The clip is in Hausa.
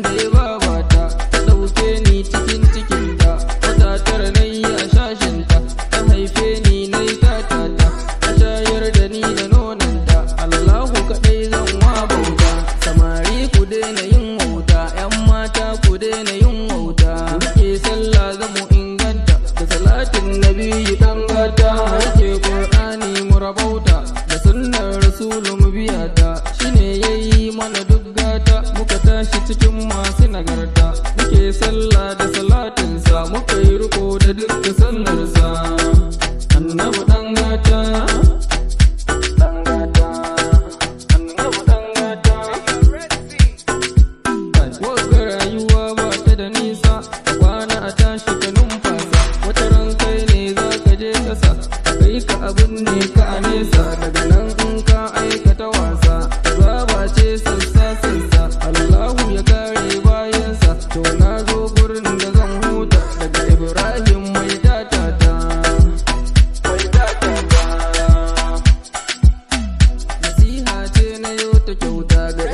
je babata ta ɗauke ni cikin cikinta wata tara na yi a shashinta ta haife ni na yi tatata ta shayar da ni da nonanta Allahu kaɗai zan wa bauta samari ku daina yin wauta ‘yan mata ku daina yin wauta rike sallah zamu inganta da salatin nabi ɗan gata ake ƙur'ani mu rabauta da sunnar rasulu mu ta shine yayi mana duk gata muka shi cikin masu nagarta muke sallah da salatinsa muka yi riko da duka sallarsa annabu dan gata rayuwa ba ta da nisa kwana a tashi ka numfasa wata ran ta cuta ga